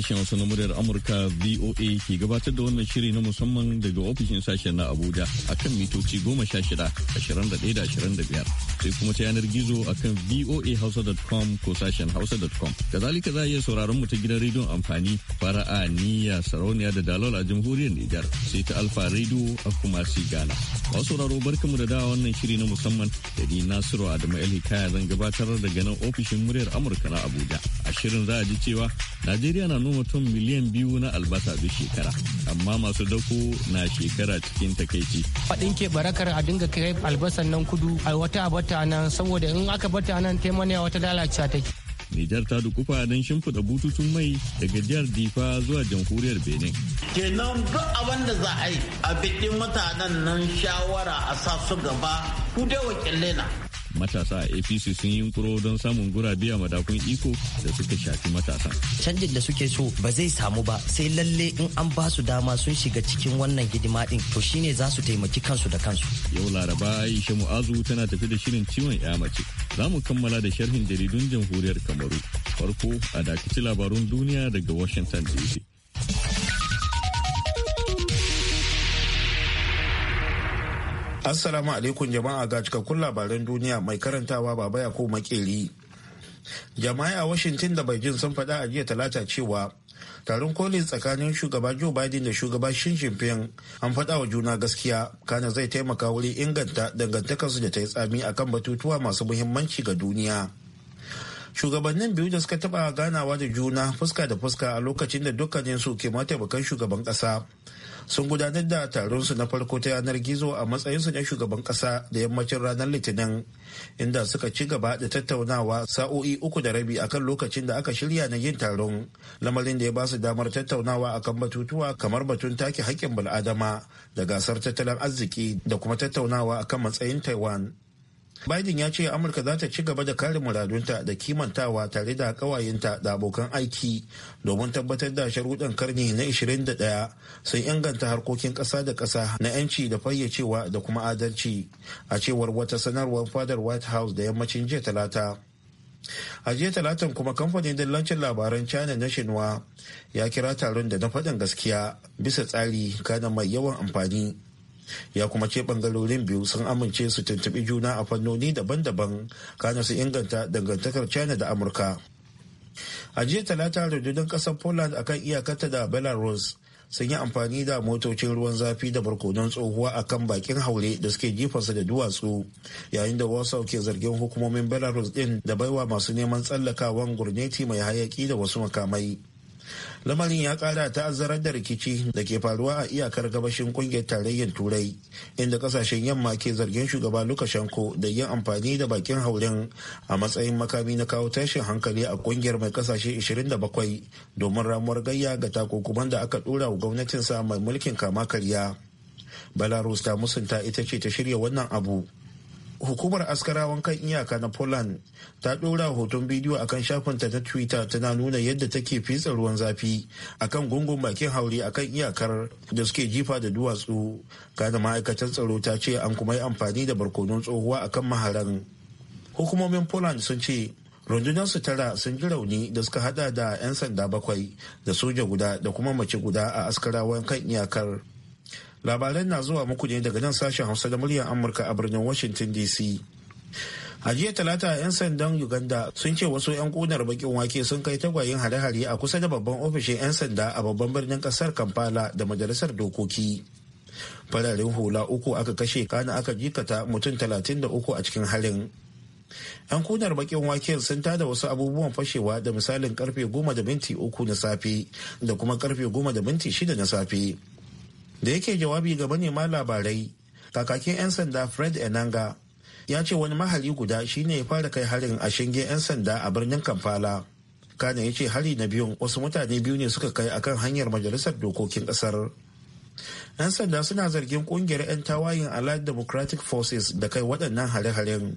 sashen wasu na muryar Amurka VOA ke gabatar da wannan shiri na musamman daga ofishin sashen na Abuja akan mitoci goma sha shida, ashirin da ɗaya da ashirin da biyar. sai kuma ta yanar gizo akan voahausa.com ko sashen hausa.com. Kazalika za a iya sauraron mu ta gidan rediyon amfani fara'a niyya sarauniya da dalol a jamhuriyar Nijar sai ta alfa rediyo a kuma si Ghana. Masu sauraro barkamu da dawa wannan shiri na musamman da ni Nasiru Adamu El Hikaya zan gabatar daga nan ofishin muryar Amurka na Abuja. A shirin za a ji cewa Najeriya na noma ton miliyan biyu na albasa duk shekara amma masu dako na shekara cikin takaici. Faɗin ke barakar a dinga kai albasan nan kudu a wata abata ta nan saboda in aka bar ta nan taimaniya wata lalacewa take. Nijar ta dukufa don shimfiɗa bututun mai daga jihar Difa zuwa jamhuriyar Benin. Kenan duk abin da za a yi a bikin mutanen nan shawara a sa su gaba ku dai wakilai na. matasa a apc sun yi yunkuro don samun gurabe a madakun iko da suka shafi matasa canjin da suke so ba zai samu ba sai lalle in an ba su dama sun shiga cikin wannan hidima din to shine za su taimaki kansu da kansu yau laraba aisha mu'azu tana tafi da shirin ciwon ya mace za mu kammala da sharhin jaridun jamhuriyar kamaru farko a dakaci labarun duniya daga washington dc Assalamu alaikum jama'a ga cikakkun labaran duniya mai karantawa baba ya ko makeri. Jama'a a Washington da Beijing sun faɗa a jiya talata cewa taron koli tsakanin shugaba Joe Biden da shugaba Xi Jinping an faɗa wa juna gaskiya kana zai taimaka wuri inganta dangantakarsu da ta yi tsami akan batutuwa masu muhimmanci ga duniya. Shugabannin biyu da suka taɓa ganawa da juna fuska da fuska a lokacin da dukkaninsu ke mataimakan shugaban ƙasa. sun gudanar da taronsu na farko ta yanar gizo a matsayinsu na shugaban kasa da yammacin ranar litinin inda suka ci gaba da tattaunawa sa'o'i uku da rabi akan lokacin da aka shirya na yin taron lamarin da ya ba su damar tattaunawa akan batutuwa kamar batun take haƙƙin bil'adama da gasar tattalin arziki da kuma tattaunawa akan matsayin taiwan Biden ya ce Amurka za ta ci gaba da kare muradunta da kimantawa tare da kawayenta da abokan aiki domin tabbatar da sharuɗan karni na 21 sun inganta harkokin ƙasa da ƙasa na 'yanci da fayyacewa da kuma adalci a cewar wata sanarwar fadar White House da yammacin jiya talata. A jiya talatan kuma kamfanin dillancin labaran China na Shinwa ya kira taron da na faɗin gaskiya bisa tsari kana mai yawan amfani. ya kuma ce bangarorin biyu sun amince su tuntuɓi juna a fannoni daban-daban kana su inganta dangantakar china da amurka a jiya talata rundunar ƙasar poland akan iyakarta da belarus sun yi amfani da motocin ruwan zafi da barkonon tsohuwa a kan bakin haure da suke jifarsa da duwatsu yayin da wasu ke zargin hukumomin belarus din da baiwa masu neman tsallakawan gurneti mai hayaki da wasu makamai lamarin ya kara azarar da rikici da ke faruwa a iyakar gabashin kungiyar tarayyar turai inda kasashen yamma ke zargin shugaba lukashenko da yin amfani da bakin hauren a matsayin makami na kawo tashin hankali a kungiyar mai kasashe 27 domin ramuwar gayya ga takokuman da aka dora wa gwamnatinsa mai mulkin kama karya belarus ta musunta ita ce ta shirya wannan abu hukumar askarawan kan iyaka na poland ta ɗora hoton bidiyo a kan shafinta na twitter tana nuna yadda take fetsa ruwan zafi a kan gungun bakin haure kan iyakar da suke jifa da duwatsu kana ma'aikatan tsaro ta ce an kuma yi amfani da barkonon tsohuwa akan maharan hukumomin poland sun ce rundunarsu tara sun ji rauni da suka hada da 'yan sanda bakwai da soja guda da kuma mace guda a askarawan kan iyakar labaran na zuwa muku ne daga nan sashen hausa da muryar amurka a birnin washington dc a jiya talata 'yan sandan uganda sun ce wasu 'yan kunar bakin wake sun kai tagwayin hare-hare a kusa da babban ofishin 'yan sanda a babban birnin kasar kampala da majalisar dokoki fararen hula uku aka kashe kana aka jikata mutum talatin da uku a cikin halin yan kunar bakin wake sun tada wasu abubuwan fashewa da misalin karfe goma da minti uku na safe da kuma karfe goma da minti shida na safe da yake jawabi ga manema labarai kakakin 'yan sanda fred enanga ya ce wani mahali guda shine ya fara kai harin a shinge 'yan sanda a birnin kamfala kana ya ce hari na biyun wasu mutane biyu ne suka kai akan hanyar majalisar dokokin kasar 'yan sanda suna zargin kungiyar 'yan tawayin allied democratic forces da kai waɗannan hare-haren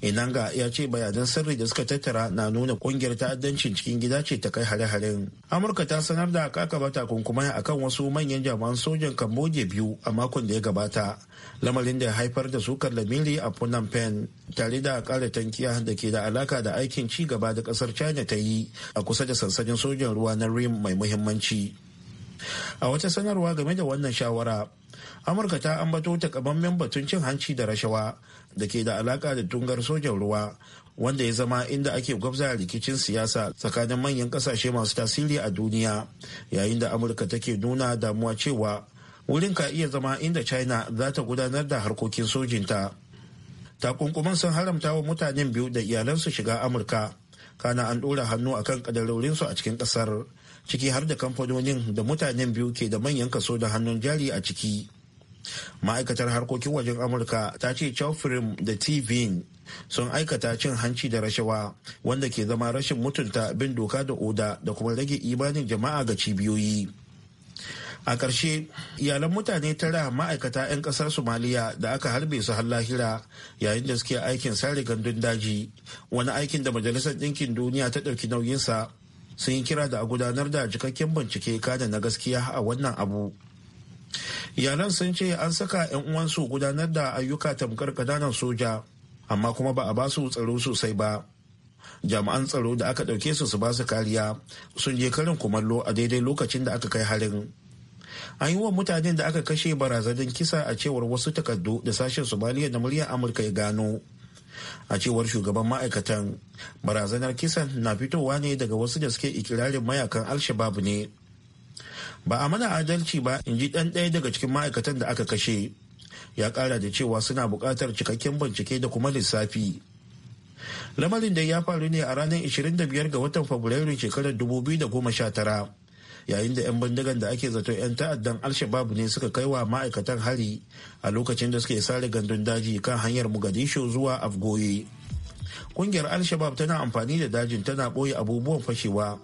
Inanga ya ce bayanan sirri da suka tattara na nuna kungiyar ta'addancin cikin gida ce ta kai hare-haren. Amurka ta sanar da aka kakaba takunkumai kan wasu manyan jami'an sojan Cambodia biyu a makon da ya gabata. Lamarin da ya haifar da sukar lamiri a Phnom Penh tare da kare tankiya da ke da alaka da aikin ci gaba da kasar China ta yi a kusa da sansanin sojan ruwa na Rim mai muhimmanci. A wata sanarwa game da wannan shawara, amurka ta ambato takamammen batun cin hanci da rashawa da ke da alaka da tungar sojan ruwa wanda ya zama inda ake gwabza rikicin siyasa tsakanin manyan kasashe masu tasiri a duniya yayin da amurka take nuna damuwa cewa wurin ka iya zama inda china za ta gudanar da harkokin sojinta takunkuman sun haramta wa mutanen biyu da iyalansu shiga amurka kana an ɗora hannu akan su a cikin ƙasar ciki har da kamfanonin da mutanen biyu ke da manyan kaso da hannun jari a ciki ma'aikatar harkokin wajen amurka ta ce chowfrim da tvn sun aikata cin hanci da rashawa wanda ke zama rashin mutunta bin doka da oda da kuma rage imanin jama'a ga cibiyoyi a ƙarshe iyalan mutane tara ma'aikata 'yan ƙasar somaliya da aka harbe su har lahira yayin da suke aikin sare gandun daji wani aikin da majalisar ɗinkin duniya ta ɗauki nauyinsa sun yi kira da a gudanar da cikakken bincike kada na gaskiya a wannan abu yaran sun ce an saka 'yan uwansu gudanar da ayyuka tamkar kananan soja amma kuma ba a ba su tsaro sosai ba jami'an tsaro da aka ɗauke su su ba su kariya sun je karin kumallo a daidai lokacin da aka kai harin an yi wa mutanen da aka kashe barazanin kisa a cewar wasu takardu da sashen somaliya da muryar amurka ya gano a cewar shugaban ma'aikatan barazanar kisan na fitowa ne daga wasu da suke ikirarin mayakan alshabab ne ba a mana adalci ba in ji ɗan ɗaya daga cikin ma'aikatan da aka kashe ya ƙara da cewa suna buƙatar cikakken bincike da kuma lissafi lamarin da ya faru ne a ranar 25 ga watan fabrairu shekarar 2019 yayin da 'yan bindigan da ake zato 'yan ta'addan alshabab ne suka kai wa ma'aikatan hari a lokacin da suke sare gandun daji kan hanyar mogadishu zuwa afgoye kungiyar alshabab tana amfani da dajin tana ɓoye abubuwan fashewa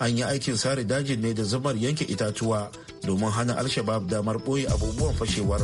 an yi aikin sare dajin ne da zumar yanke itatuwa domin hana alshabab damar ɓoye abubuwan fashewar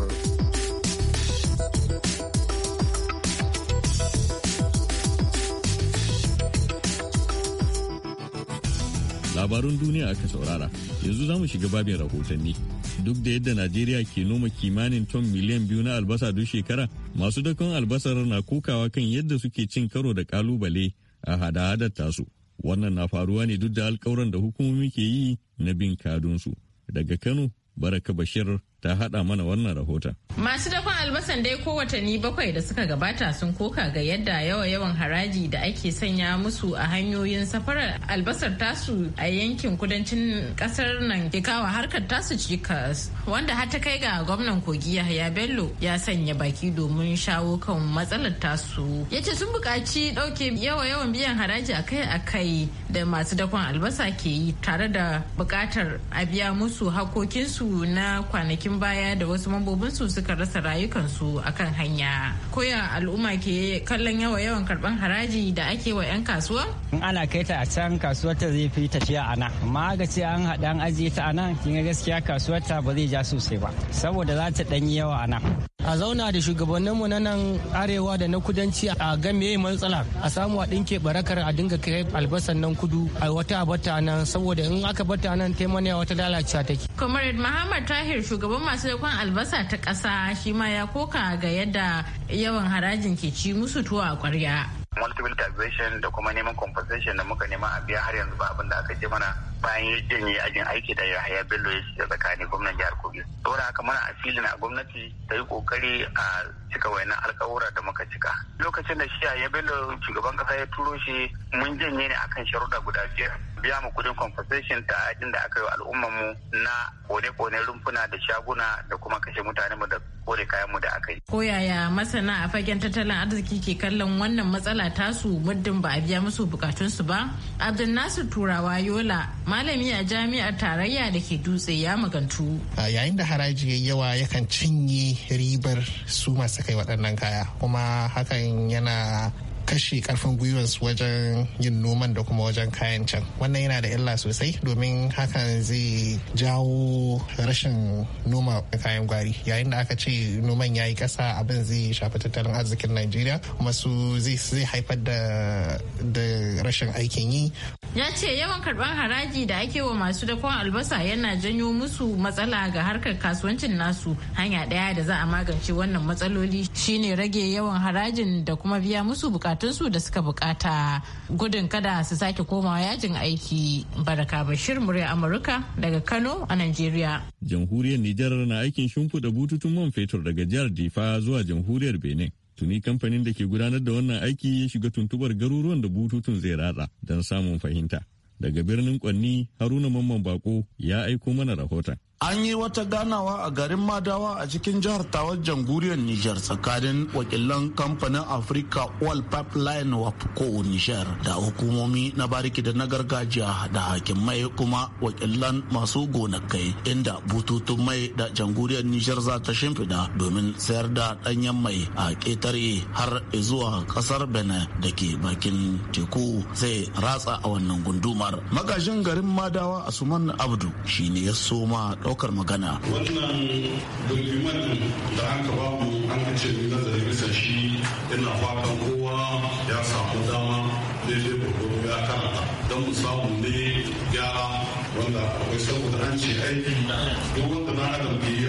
labarun duniya aka saurara yanzu za mu shiga babin rahotanni duk da yadda najeriya ke noma kimanin ton miliyan biyu na albasa duk shekara masu dakon albasar na kokawa kan yadda suke cin karo da kalubale a hada-hadar tasu Wannan na faruwa ne duk da alkawuran da hukumomi ke yi na bin kadunsu. Daga Kano, Baraka Bashir, ta haɗa mana wannan rahoton. Masu dakon albasan dai ko watanni bakwai da suka gabata sun koka ga yadda yawa yawan haraji da ake sanya musu a hanyoyin safarar albasar tasu a yankin kudancin kasar nan ke kawo harkar tasu cikas wanda har ta kai ga gwamnan kogi Yahaya Bello ya sanya baki domin shawo kan matsalar tasu. Ya sun buƙaci ɗauke yawa yawan biyan haraji akai-akai da masu dakon albasa ke yi tare da bukatar a biya musu hakokinsu na kwanakin kwanakin baya da wasu mambobinsu suka rasa rayukansu akan hanya koya al'umma ke kallon yawa yawan karban haraji da ake wa 'yan kasuwa in ana kai ta a can kasuwar ta zai fi tafiya a nan amma ga ce an haɗa an ajiye ta a nan kin gaskiya kasuwar ta ba zai ja sosai ba saboda za ta ɗanyi yawa a nan a zauna da shugabanninmu na nan arewa da na kudanci a game matsala a samu a ɗinke barakar a dinga kai albasan nan kudu a wata bata nan saboda in aka bata nan a wata lalacewa take. comrade muhammad tahir shugaban masu dakon albasa ta kasa shi ma ya koka ga yadda yawan harajin ke ci musu tuwa a kwarya. multiple taxation da kuma neman compensation da muka nema a biya har yanzu ba abin da aka ce mana bayan ya janye a ajin aiki da Yahaya Bello ya shiga tsakanin gwamnan jihar Kogi. Saboda haka muna filin a gwamnati ta yi kokari a cika wayannan alkawura da muka cika. Lokacin da shi a ya Bello shugaban kasa ya turo shi mun janye ne akan sharuɗa guda biyar. Biya mu kudin compensation ta ajin da aka yi al'ummar mu na kone-kone rumfuna da shaguna da kuma kashe mutane mu da kore kayan mu da aka yi. Ko yaya masana a fagen tattalin arziki ke kallon wannan matsala tasu muddin ba a biya musu bukatunsu ba? Abdul Nasir Turawa Yola malami a jami'ar tarayya da ke dutse ya magantu. Yayin da haraji ya yawa yakan cinye ribar su masu kai waɗannan kaya kuma hakan yana kashe karfin su wajen yin noman da kuma wajen kayan can wannan yana da illa sosai domin hakan zai jawo rashin noma kayan gwari yayin da aka ce noman ya yi kasa abin zai shafi tattalin arzikin najeriya kuma zai haifar da rashin aikin yi ya ce yawan karban haraji da ake wa masu dakon albasa yana janyo musu matsala ga harkar kasuwancin nasu hanya daya da za a magance wannan matsaloli shine rage yawan harajin da kuma biya musu bukatu bukatunsu da suka bukata gudun kada su sake komawa yajin aiki baraka bashir murya amurka daga kano a nigeria jamhuriyar nijar na aikin shimfiɗa bututun man fetur daga jihar difa zuwa jamhuriyar benin tuni kamfanin da ke gudanar da wannan aiki ya shiga tuntubar garuruwan da bututun zai ratsa don samun fahimta daga birnin kwanni haruna mamman bako ya aiko mana rahoton an yi wata ganawa a garin madawa a cikin jihar tawar janguriyar Nijar tsakanin wakilan kamfanin africa oil pipeline wapco niger da hukumomi na bariki da na gargajiya da mai kuma wakilan masu gonakai inda bututun mai da janguriyar Nijar za ta shimfida domin sayar da danyen mai a ƙetare har zuwa ƙasar Bene da ke bakin teku zai ratsa a wannan gundumar magajin garin madawa asuman abdu shine ya soma ɗaukar magana. Wannan dokumen da aka ka ba mu an ka ce ni nazari bisa shi ina fatan kowa ya samu dama daidai gwagwaro ya karanta don mu samu ne ya wanda akwai saboda an ce aiki duk wanda na adam ke yi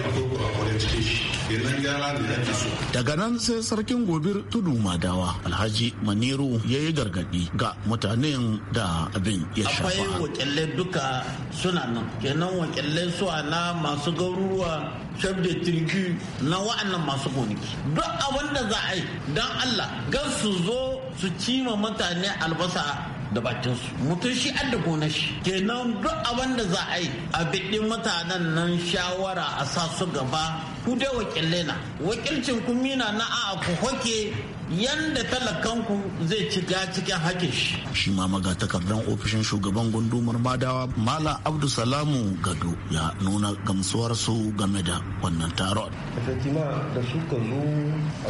daga nan sai sarkin gobir tudu madawa alhaji maniru ya yi gargadi ga mutanen da abin ya shafa akwai wakilai duka suna nan kenan wakilai su na masu garuruwa chef de tribu na wa'annan masu gonaki duk abin da za a yi don allah gan su zo su cima mutane albasa da su mutum shi an da gona shi kenan duk abin da za a yi a bidin mutanen nan shawara a sa su gaba ku dai wakilai na wakilcin ku mina na a ku hoke yanda talakanku zai cika cikin hakin shi. Shi ma magatakardan ofishin shugaban gundumar Madawa Mala Abdu Salamu Gado ya nuna su game da wannan taron. Fatima da suka zo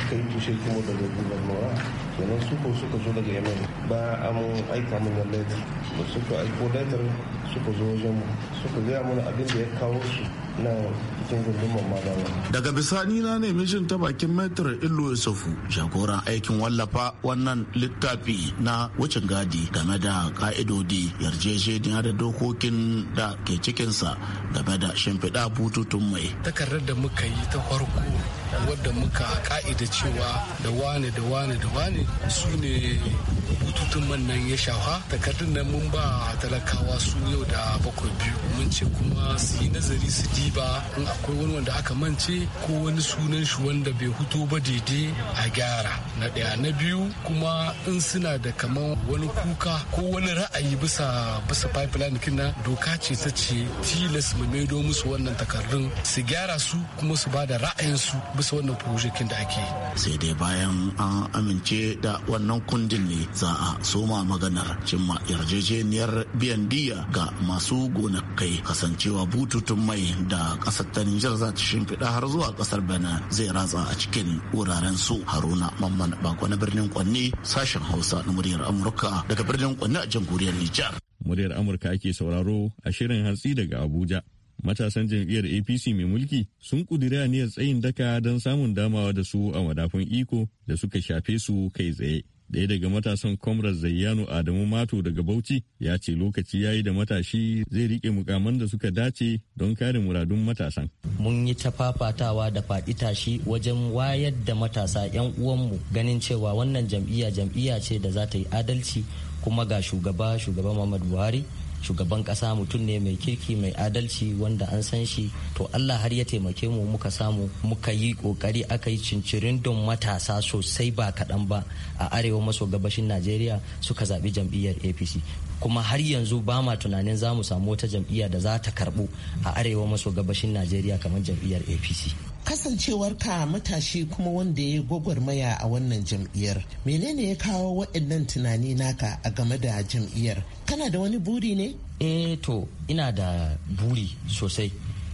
aka yi tushe kuma daga gundumar Mora kenan suka suka zo daga yamen ba a an aika mun letter da suka aiko letter suka zo wajen mu suka gaya mana abin da ya kawo su na cikin gundumar magana. Daga bisani na ne mishin ta bakin metro Illu Yusufu jagoran aikin wallafa wannan littafi na wucin gadi game da ka'idodi yarjejeniya da dokokin da ke cikinsa game da shimfiɗa bututun mai. Takardar da muka yi ta farko wadda muka ka'ida cewa da wane da wane da wane su ne bututun man nan ya shafa takardun nan mun ba talakawa su yau da bakwai biyu mun ce kuma su yi nazari su diba in akwai wani wanda aka mance ko wani sunan shi wanda bai huto ba daidai a gyara na ɗaya na biyu kuma in suna da kamar wani kuka ko wani ra'ayi bisa bisa pipeline kin nan doka ce ta ce tilas mu maido musu wannan takardun su gyara su kuma su ba da ra'ayinsu bisa wannan projekin da ake sai dai bayan an amince da wannan kundin ne za a soma maganar cimma yarjejeniyar biyan diya ga masu gonakai kasancewa bututun mai da ƙasar ta Nijar za ta shimfiɗa har zuwa kasar Benin zai ratsa a cikin wuraren su Haruna Mamman Bako na birnin Kwanne sashen Hausa na muryar Amurka daga birnin Kwanne a jamhuriyar Nijar. Muryar Amurka ake sauraro a shirin hantsi daga Abuja. matasan jam'iyyar apc mai mulki sun kudiri aniyar tsayin daka don samun damawa da su a madafun iko da suka shafe su kai tsaye daya daga matasan Comrade Zayyano Adamu Mato daga Bauchi ya ce lokaci yayi da matashi zai rike mukaman da suka dace don kare muradun matasan. Mun yi ta fafatawa da faɗi tashi wajen wayar da matasa 'yan uwanmu ganin cewa wannan jam'iyya jam'iyya ce da za ta yi adalci kuma ga shugaba shugaba Muhammad Buhari shugaban kasa mutum ne mai kirki mai adalci wanda an san shi to allah har ya taimake mu muka samu muka yi kokari aka yi cincirin don matasa sosai ba kaɗan ba a arewa maso gabashin najeriya suka zaɓi jam'iyyar apc kuma har yanzu ba ma tunanin za mu samu wata jam'iyya da za ta karɓu a arewa maso gabashin najeriya kamar jam'iyyar apc kasancewarka matashi kuma wanda ya gwagwarmaya a wannan jam'iyyar menene ya kawo waɗannan tunani naka a game da jam'iyyar kana da wani buri ne eh to ina da buri sosai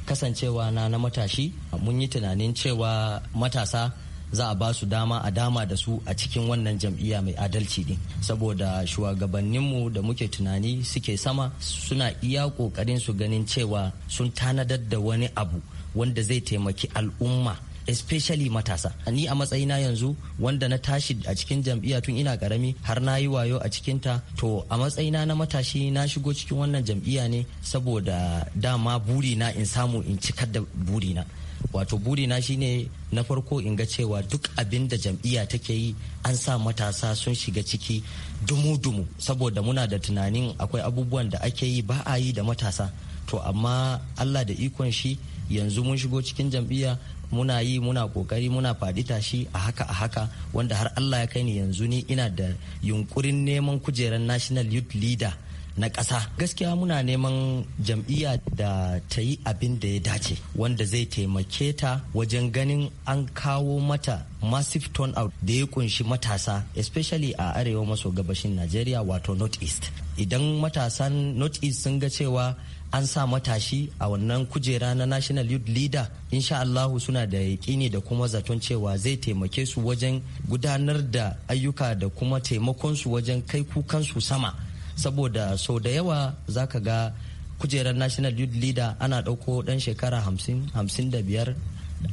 kasancewa na na matashi mun yi tunanin cewa matasa za a ba su dama a dama da su a cikin wannan jam'iyya mai adalci ne saboda shugabanninmu da muke tunani suke sama suna iya kokarin su ganin cewa sun tanadar da wani abu wanda zai taimaki al'umma especially matasa ni a matsayina yanzu wanda na tashi a cikin jam'iyya tun ina karami har na yi wayo a cikinta to a matsayina na matashi na shigo cikin wannan jam'iyya ne saboda dama burina in samu in cikar da burina wato burina shine na farko in ga cewa duk abin da jam'iyya take yi an sa matasa sun shiga ciki dumu-dumu saboda muna da tunanin akwai abubuwan da ake yi ba a yi da matasa to amma allah da ikon shi yanzu mun shigo cikin jam'iyya muna yi muna kokari muna faɗi tashi a haka a haka wanda har allah ya kai ni yanzu ni ina da yunkurin neman kujerar national youth leader na ƙasa gaskiya muna neman jam'iyya da ta yi abin da ya dace wanda zai taimake ta wajen ganin an kawo mata massive turnout da ya kunshi matasa especially a arewa maso gabashin najeriya wato north east idan matasan north east sun ga cewa an sa matashi a wannan kujera na national youth leader insha Allahu suna da yaƙini da kuma zaton cewa zai taimake su wajen gudanar da ayyuka da kuma taimakon su wajen kai kukansu sama saboda sau da yawa za ka ga kujerar national youth leader ana ɗauko ɗan shekara hamsin hamsin da biyar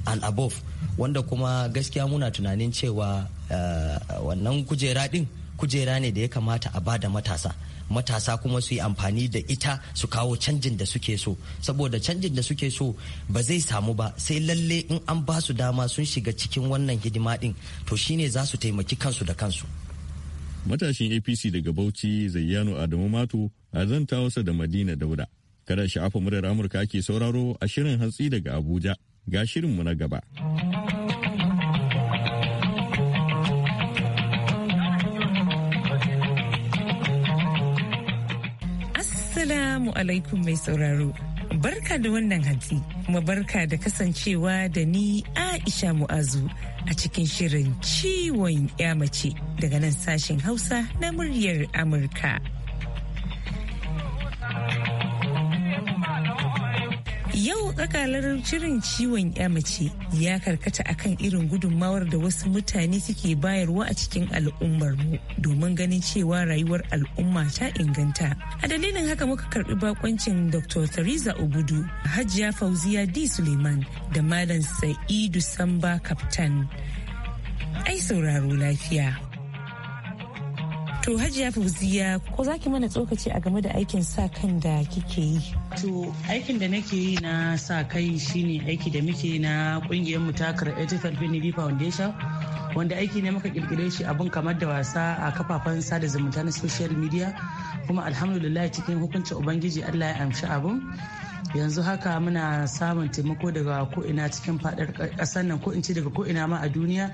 and above wanda kuma gaskiya muna tunanin cewa eh, wannan kujera ɗin kujera ne da ya kamata a bada matasa matasa kuma su yi amfani da ita su kawo canjin da suke so saboda canjin da suke so ba zai samu ba sai lalle in an ba su dama sun shiga cikin wannan hidima din to shine za su taimaki kansu da kansu matashin apc daga bauchi zayyano adamu mato a zanta wasa da madina dauda kada sha'afa murar amurka ake sauraro a shirin hantsi daga abuja ga shirinmu na gaba. Assalamu alaikum mai sauraro. Barka da wannan hantsi, kuma barka da kasancewa da ni Aisha Mu'azu a cikin shirin ciwon ya mace daga nan sashen Hausa na muryar Amurka. Yau tsakalar shirin ciwon ya mace ya karkata akan irin gudunmawar da wasu mutane suke bayarwa a cikin al'ummar mu domin ganin cewa rayuwar al'umma ta inganta. A dalilin haka muka karbi bakoncin Dr. Theresa Obudu, Hajiya Fauziya D. Suleiman da Malam Sa'idu Samba Kaftan. Ai sauraro lafiya. To Hajiya Fauziya ko za ki mana tsokaci a game da aikin sa kan da kike yi? To aikin da nake yi na sa kai shine aiki da muke na kungiyar mutakar Etifal Ethical Benefit Foundation wanda aiki ne muka kirkire shi abun kamar da wasa a kafafen sada zumunta na social media kuma alhamdulillah cikin hukuncin ubangiji Allah ya amshi abun yanzu haka muna samun taimako daga ko ina cikin fadar kasar nan ko in ce daga ko ina ma a duniya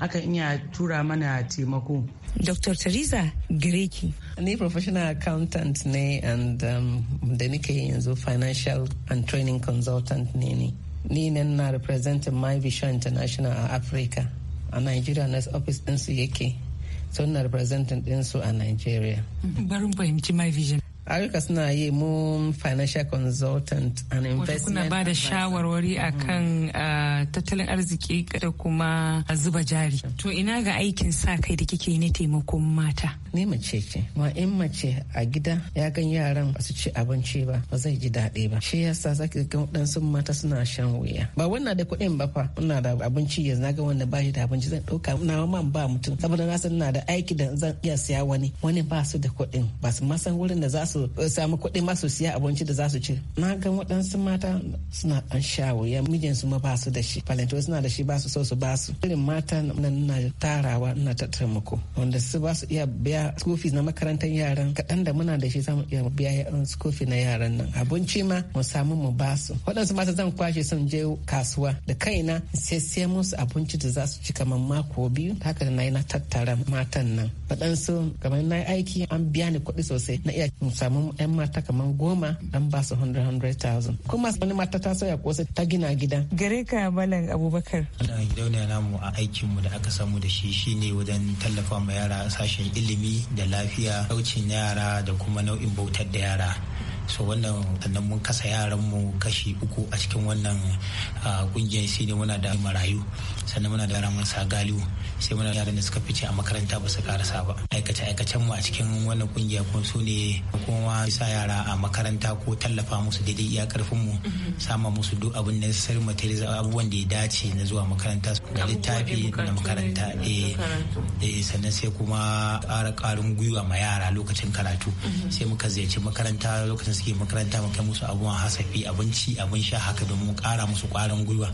akan iya tura mana taimako. Dr. Theresa Greki. Ni professional accountant ne and um, da nake yanzu financial and training consultant ne ne. Ni ne na represent My Vision International a Africa. A Nigeria na office ɗinsu yake. So na representing ɗinsu a Nigeria. Barin fahimci My Vision. Arika suna yi mu financial consultant and investment. Wato kuna ba da shawarwari akan mm-hmm. uh, tattalin arziki da kuma zuba jari. To ina ga aikin sa kai da kike ne taimakon mata. Ni mace ce, ma in mace a gida ya gan yaran ba su ci abinci ba, ba zai ji daɗi ba. Shi sa zaki ga sun mata suna shan wuya. Ba wannan da kuɗin ba fa, ina da abinci yanzu na ga wanda ba shi da abinci zan ɗauka na ma ba mutum. Saboda na san ina da aiki da zan iya siya wani, wani ba su da kuɗin, ba su ma san wurin da za su su eh, samu kuɗi masu siya abinci da za su ci na ga waɗansu mata suna ɗan shawo ya mijinsu ma ba su da shi falanto suna da shi ba su so su ba su irin mata nan na tarawa na ta taimako wanda su ba su iya biya school na makarantar yaran kaɗan da muna da shi mu iya biya school fees na yaran nan abinci ma mu samu mu ba su waɗansu mata zan kwashe sun je kasuwa da kaina sai sai musu abinci da za su ci kamar mako biyu haka na yi na tattara matan nan waɗansu kamar na aiki an biya ni kuɗi sosai na iya samu 'yan mata kamar goma an ba su 100,000 kuma wani mata ta soya kosa ta gina gida gare ka malam abubakar wannan gidauniya namu a aikin mu da aka samu da shi shine wajen tallafa ma yara sashen ilimi da lafiya kaucin yara da kuma nau'in bautar da yara so wannan sannan mun kasa yaran mu kashi uku a cikin wannan kungiyar ah, shi ne muna da marayu sannan muna da sa galiu sai muna yaran da suka fice a makaranta ba su karasa ba aikace aikacen mu a cikin wannan kungiya ko su ne kuma sa yara a makaranta ko tallafa musu daidai iya karfin mu mhm. sama musu duk abin da sai material abubuwan da ya dace na zuwa makaranta da littafi na makaranta eh, eh sannan sai kuma ƙara ƙarin gwiwa ma yara lokacin karatu mhm. sai muka ziyarci makaranta lokacin suke makaranta mu kai musu abubuwan hasafi abinci abin sha haka domin ƙara musu ƙwarin gwiwa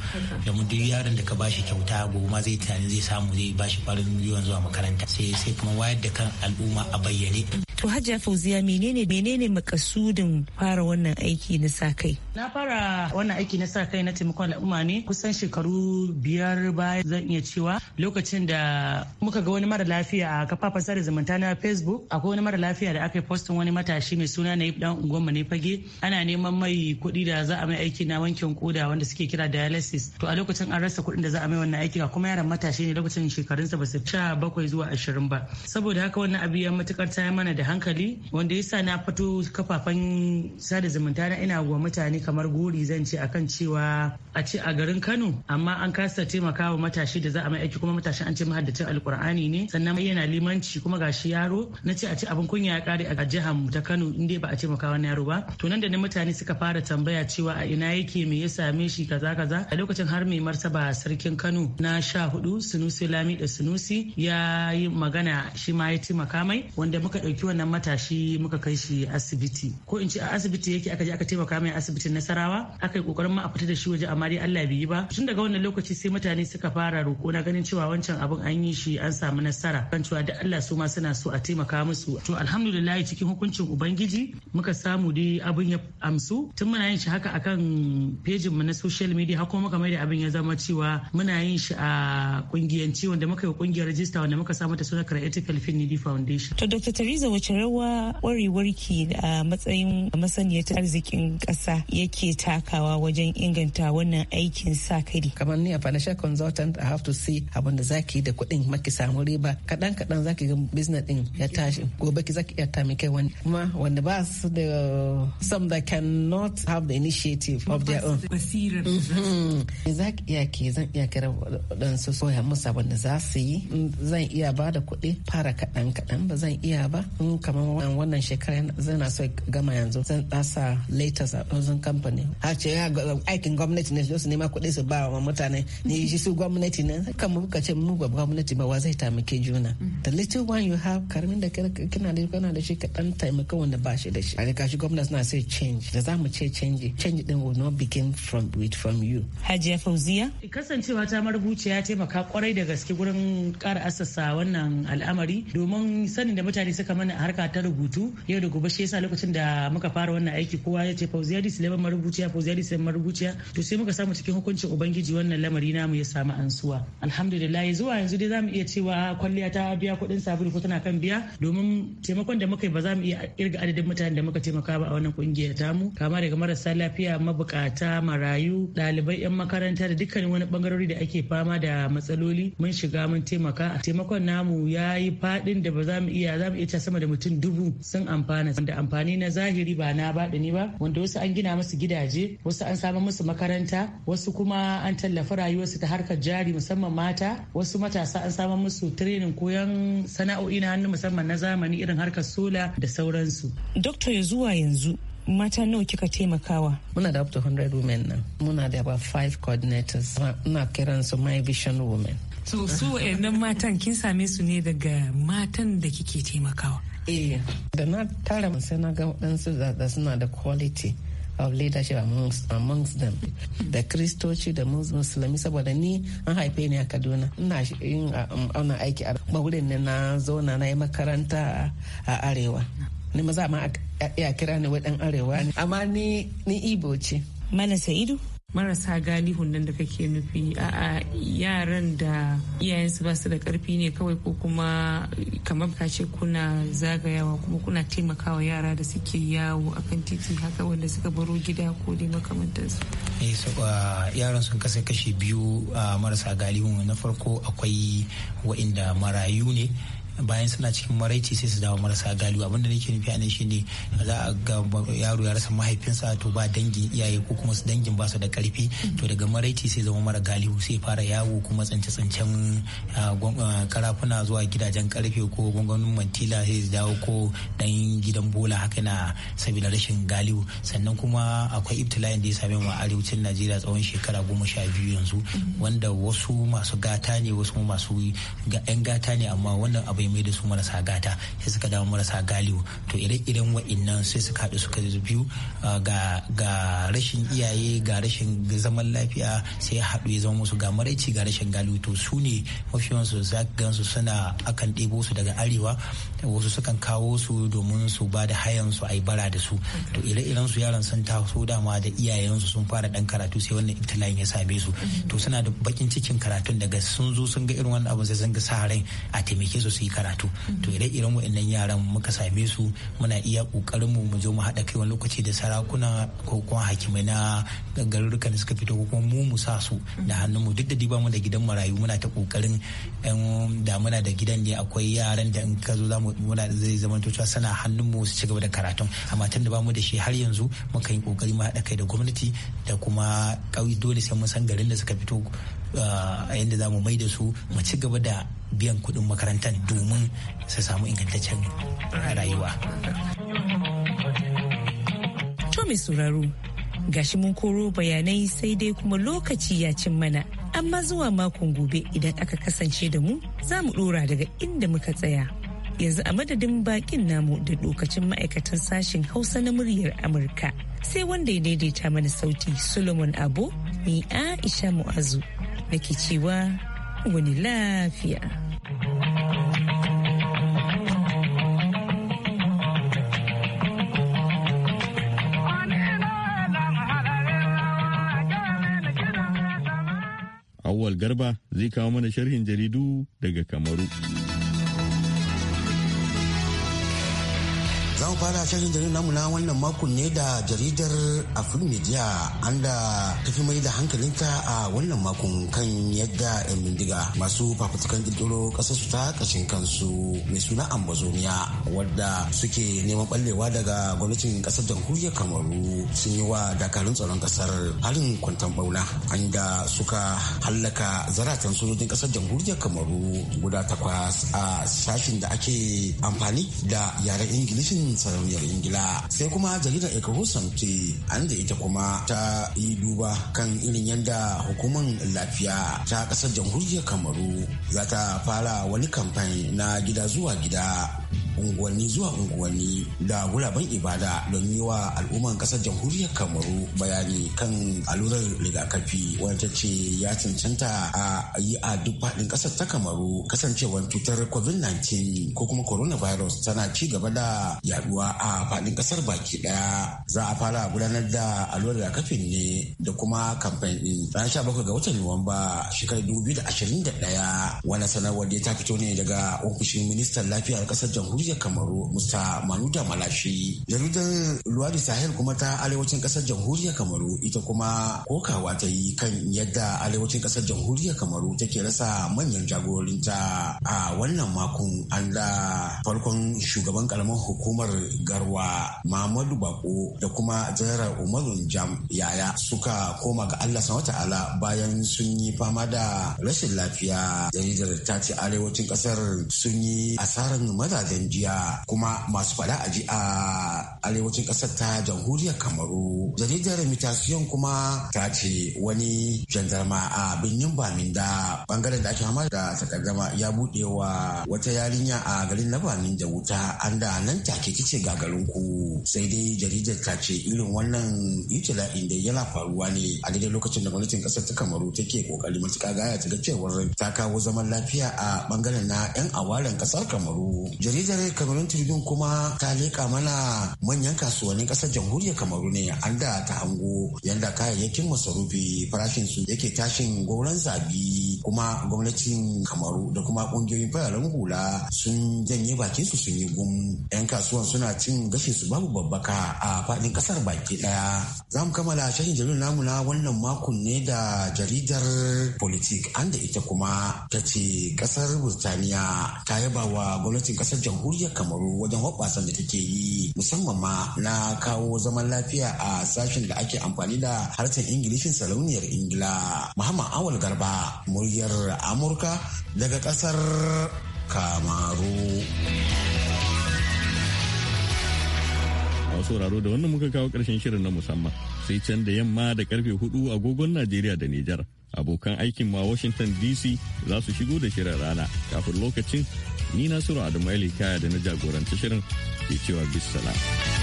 mu duk yaron da ka bashi kyau wuta gobe ma zai tunani zai samu zai ba shi kwarin gwiwan zuwa makaranta sai sai kuma wayar da kan al'umma a bayyane. To Hajiya Fauziya menene menene makasudin fara wannan aiki na sa kai? Na fara wannan aiki na sa kai na taimakon al'umma ne kusan shekaru biyar baya zan iya cewa lokacin da muka ga wani mara lafiya a kafafen sada zumunta na Facebook akwai wani mara lafiya da aka yi postin wani matashi mai suna na dan unguwar ne fage ana neman mai kuɗi da za a mai aiki na wankin koda wanda suke kira dialysis to a lokacin an rasa kuɗin da za a mai wannan aiki kuma yaran matashi ne lokacin shekarunsa ba su sha bakwai zuwa ashirin ba saboda haka wannan abu ya matukar ta mana da hankali wanda yasa na fito kafafen sada zumunta na ina wa mutane ne kamar guri zan ce akan cewa a ce a garin Kano amma an kasa taimakawa matashi da za a mai aiki kuma matashi an ce mahaddacin alkur'ani ne sannan yana limanci kuma gashi yaro na ce a ce abin kunya ya kare a jihar mu ta Kano in dai ba a taimaka wani yaro ba to nan da ne mutane suka fara tambaya cewa a ina yake me ya same shi kaza kaza a lokacin har mai martaba sarkin Kano na sha hudu Sunusi Lami da Sunusi ya yi magana shi ma ya taimaka mai wanda muka dauki wannan matashi muka kai shi asibiti ko in ce a asibiti yake aka je aka taimaka mai asibiti yankin nasarawa aka yi kokarin ma a fita da shi waje amma dai allah bai yi ba tun daga wannan lokaci sai mutane suka fara roko na ganin cewa wancan abin an yi shi an samu nasara kan cewa da allah su ma suna so a taimaka musu to alhamdulillah cikin hukuncin ubangiji muka samu da abin ya amsu tun muna yin shi haka akan pejin mu na social media har kuma muka mai da abin ya zama cewa muna yin shi a kungiyanci wanda muka yi kungiyar rajista wanda muka samu ta suna creative Infinity Foundation. To Dr. teresa wace rawa warewarki a matsayin masaniyar arzikin ƙasa yake takawa wajen inganta wannan aikin sa kai kamar ni a financial consultant i have to see abin da zaki da kuɗin maki samu riba kaɗan kaɗan zaki ga business din ya tashi gobe ki zaki iya mai kai wani kuma wanda ba su da some that cannot have the initiative of their own basirar mm-hmm. zaki iya ke zan iya kira dan su soya musu abin da za su yi zan iya ba da kuɗi fara kaɗan kaɗan ba zan iya ba kamar wannan shekara zan so gama yanzu zan ɗasa latest a zan kamfani a ce ah, aikin gwamnati ne su nema kuɗi su ba wa mutane ne shi su gwamnati ne kan mu ce mu ba gwamnati ba wa zai taimake juna mm. the little one you have karamin da kina da kana da shi ka dan taimaka wanda ba shi da shi a ga shi gwamnati na sai change da za mu ce change change din will not begin from with from you hajiya fauziya eh, kasancewa ta marubuciya taimaka kwarai da gaske gurin kara asasa wannan al'amari domin sanin da mutane suka mana harka ta rubutu yau da gobe shi yasa lokacin da muka fara wannan aiki kowa ya ce fauziya di marubuciya zalisan marubuciya to sai muka samu cikin hukuncin ubangiji wannan lamari namu ya samu ansuwa alhamdulillah zuwa yanzu dai zamu iya cewa kwalliya ta biya kuɗin sabulu ko tana kan biya domin taimakon da muka yi ba za mu iya irga adadin mutanen da muka taimaka ba a wannan kungiyar mu kama daga marasa lafiya mabukata marayu ɗalibai 'yan makaranta da dukkanin wani bangarori da ake fama da matsaloli mun shiga mun taimaka taimakon namu ya yi faɗin da ba za mu iya za mu iya sama da mutum dubu sun amfana da amfani na zahiri ba na baɗi ne ba wanda wasu an gina musu gidaje wasu an samar musu makaranta wasu kuma an tallafa rayuwarsu ta harkar jari musamman mata wasu matasa an samar musu training koyon sana'o'i na hannu musamman na zamani irin harkar sola da sauransu. Dokta ya zuwa yanzu mata nawa kika taimakawa? Muna da up to 100 women nan. Muna da about 5 coordinators. Muna kiran su My Vision Women. So su wa'annan matan kin same su ne daga matan da kike taimakawa? Eh, da na tara sai na ga waɗansu da suna da quality. of leadership amongst them da kristoci da musulmi saboda ni an haife ni a kaduna ina yin auna um, aiki a wurin ne na zauna na yi makaranta a arewa ni maza ma a kira ni wadan arewa ne amma ni ibo ce mana sa'idu marasa galihun nan da kake nufi a yaran da iyayensu ba su da karfi ne kawai ko kuma kamar ka ce kuna zagayawa kuma kuna taimakawa yara da suke yawo akan titi haka wanda suka baro gida ko dai makamantansu eh so uh, yaran sun kasa kashe biyu uh, marasa galihun na farko akwai wa'inda marayu ne bayan suna cikin maraici sai su dawo marasa galiba abinda nake nufi a nan shine za a ga yaro ya rasa mahaifinsa to ba dangin iyaye ko kuma su dangin ba su da karfi to daga maraici sai zama mara galihu sai fara yawo kuma tsance-tsancen ah, ah, karafuna zuwa gidajen karfe ko gwangwanin mantila sai su dawo ko dan gidan bola haka na saboda rashin galihu sannan kuma akwai ibtila'in da ya same mu arewacin najeriya tsawon shekara goma sha biyu yanzu wanda wasu masu gata ne wasu masu 'yan gata ne amma wannan abu mai da su marasa gata sai suka dawo marasa galiwu to ire-iren wa'innan sai suka haɗu suka biyu ah, ga rashin iyaye ga rashin zaman lafiya sai ya haɗu ya zama musu ga maraici ga rashin galiu to su ne mafiyansu za gansu suna akan ɗebo su daga arewa wasu sukan kawo su domin su ba da hayan su a yi bara da su to ire-iren su yaran sun taso dama da iyayensu sun fara ɗan karatu sai wannan ibtila'in ya same su to suna da bakin cikin karatun daga sun zo sun ga irin wannan abu sai sun ga sa rai a taimake su su karatu to ire iren waɗannan yaran muka same su muna iya kokarin mu mu zo mu haɗa kai wani lokaci da sarakuna ko kuma hakimai na garurukan da suka fito ko kuma mu mu sa su da hannun mu duk da dibamu mu da gidan marayu muna ta kokarin yan damuna da gidan ne akwai yaran da in ka zo za mu zai zama to cewa sana hannun mu su ci gaba da karatun amma tun da bamu da shi har yanzu muka yi kokari mu haɗa kai da gwamnati da kuma ƙauye dole sai mun san garin da suka fito a yadda za mu mai da su mu ci gaba da biyan kuɗin makarantar domin su samu ingantaccen rayuwa. To mai sauraro gashi mun koro bayanai sai dai kuma lokaci ya cin mana amma zuwa makon gobe idan aka kasance da mu za mu ɗora daga inda muka tsaya. yanzu a madadin bakin namu da lokacin ma'aikatan sashen hausa na muryar amurka sai wanda ya daidaita mana sauti solomon abu ni aisha mu'azu ake cewa wani lafiya. Awwal Garba zai kawo mana sharhin jaridu daga Kamaru. mu fara shirin jaridar namu na wannan makon ne da jaridar Afrin Media an da tafi mai da hankalinta a wannan makon kan yadda 'yan bindiga masu fafutukan kirkiro ƙasar su ta ƙashin kansu mai suna Ambazonia wadda suke neman ɓallewa daga gwamnatin ƙasar jamhuriyar Kamaru sun yi wa dakarun tsaron ƙasar harin kwantan bauna an da suka hallaka zaratan sojojin ƙasar jamhuriyar Kamaru guda takwas a sashin da ake amfani da yaren Ingilishin sarauniyar ingila sai kuma jaridar ecohosan ce an da ita kuma ta yi duba kan irin yadda hukumar lafiya ta kasar jamhuriyar kamaru za ta fara wani kamfani na gida zuwa gida unguwanni zuwa unguwanni da gulaben ibada don yi wa al'umman kasar jamhuriyar kamaru bayani kan allurar rigakafi wata ce ya cancanta a yi a duk faɗin kasar ta kamaru kasancewar cutar covid-19 ko kuma coronavirus tana ci gaba da yaduwa a faɗin kasar baki ɗaya za a fara gudanar da allurar rigakafin ne da kuma kamfen ɗin ranar bakwai ga watan nuwamba shekarar 2021 wani sanarwar da ta fito ne daga ofishin ministan lafiyar kasar jamhuriyar jiya kamaru musta manuta malashi jaridar luwadi sahel kuma ta arewacin kasar jamhuriyar kamaru ita kuma kokawa ta yi kan yadda alewacin kasar jamhuriyar kamaru take rasa manyan jagorinta a wannan makon an da farkon shugaban karamar hukumar garwa mamadu bako da kuma jihar umaru jam yaya suka koma ga allah ta'ala bayan sun yi fama da rashin lafiya jaridar ta ce arewacin kasar sun yi asarar mazajen jiya kuma masu fada a ji a arewacin ƙasar ta jamhuriyar kamaru jaridar mitasiyon kuma ta ce wani jandarma a birnin baminda bangaren da ake hama da takardama ya buɗe wa wata yarinya a garin na da wuta an da nan take kice gagarin ku sai dai jaridar ta ce irin wannan itila'in da yana faruwa ne a daidai lokacin da gwamnatin ƙasar ta kamaru take kokari matuƙa gaya ta ga cewar ta kawo zaman lafiya a bangaren na 'yan awaren ƙasar kamaru jaridar bangare kamarun tribune kuma ta leƙa mana manyan kasuwannin ƙasar jamhuriyar kamaru ne an da ta hango yanda kayayyakin masarufi farashin su yake tashin gauran zabi kuma gwamnatin kamaru da kuma ƙungiyoyin fararen hula sun janye bakin su sun yi gum yan kasuwan suna cin gashin su babu babbaka a faɗin ƙasar baki ɗaya za mu kammala shahin jaridar namu na wannan makon ne da jaridar politik an da ita kuma ta ce ƙasar burtaniya ta yaba wa gwamnatin ƙasar jamhuriyar jamhuriyar kamaru wajen hoɓɓasan da take yi musamman ma na kawo zaman lafiya a sashen da ake amfani da harshen ingilishin sarauniyar ingila muhammad awal garba muryar amurka daga ƙasar kamaru wasu sauraro da wannan muka kawo ƙarshen shirin na musamman sai can da yamma da karfe hudu agogon najeriya da nijar abokan aikin ma washington dc za su shigo da shirin rana kafin lokacin ni nasiru adamu kaya da na jagoranci shirin ke cewa bisala.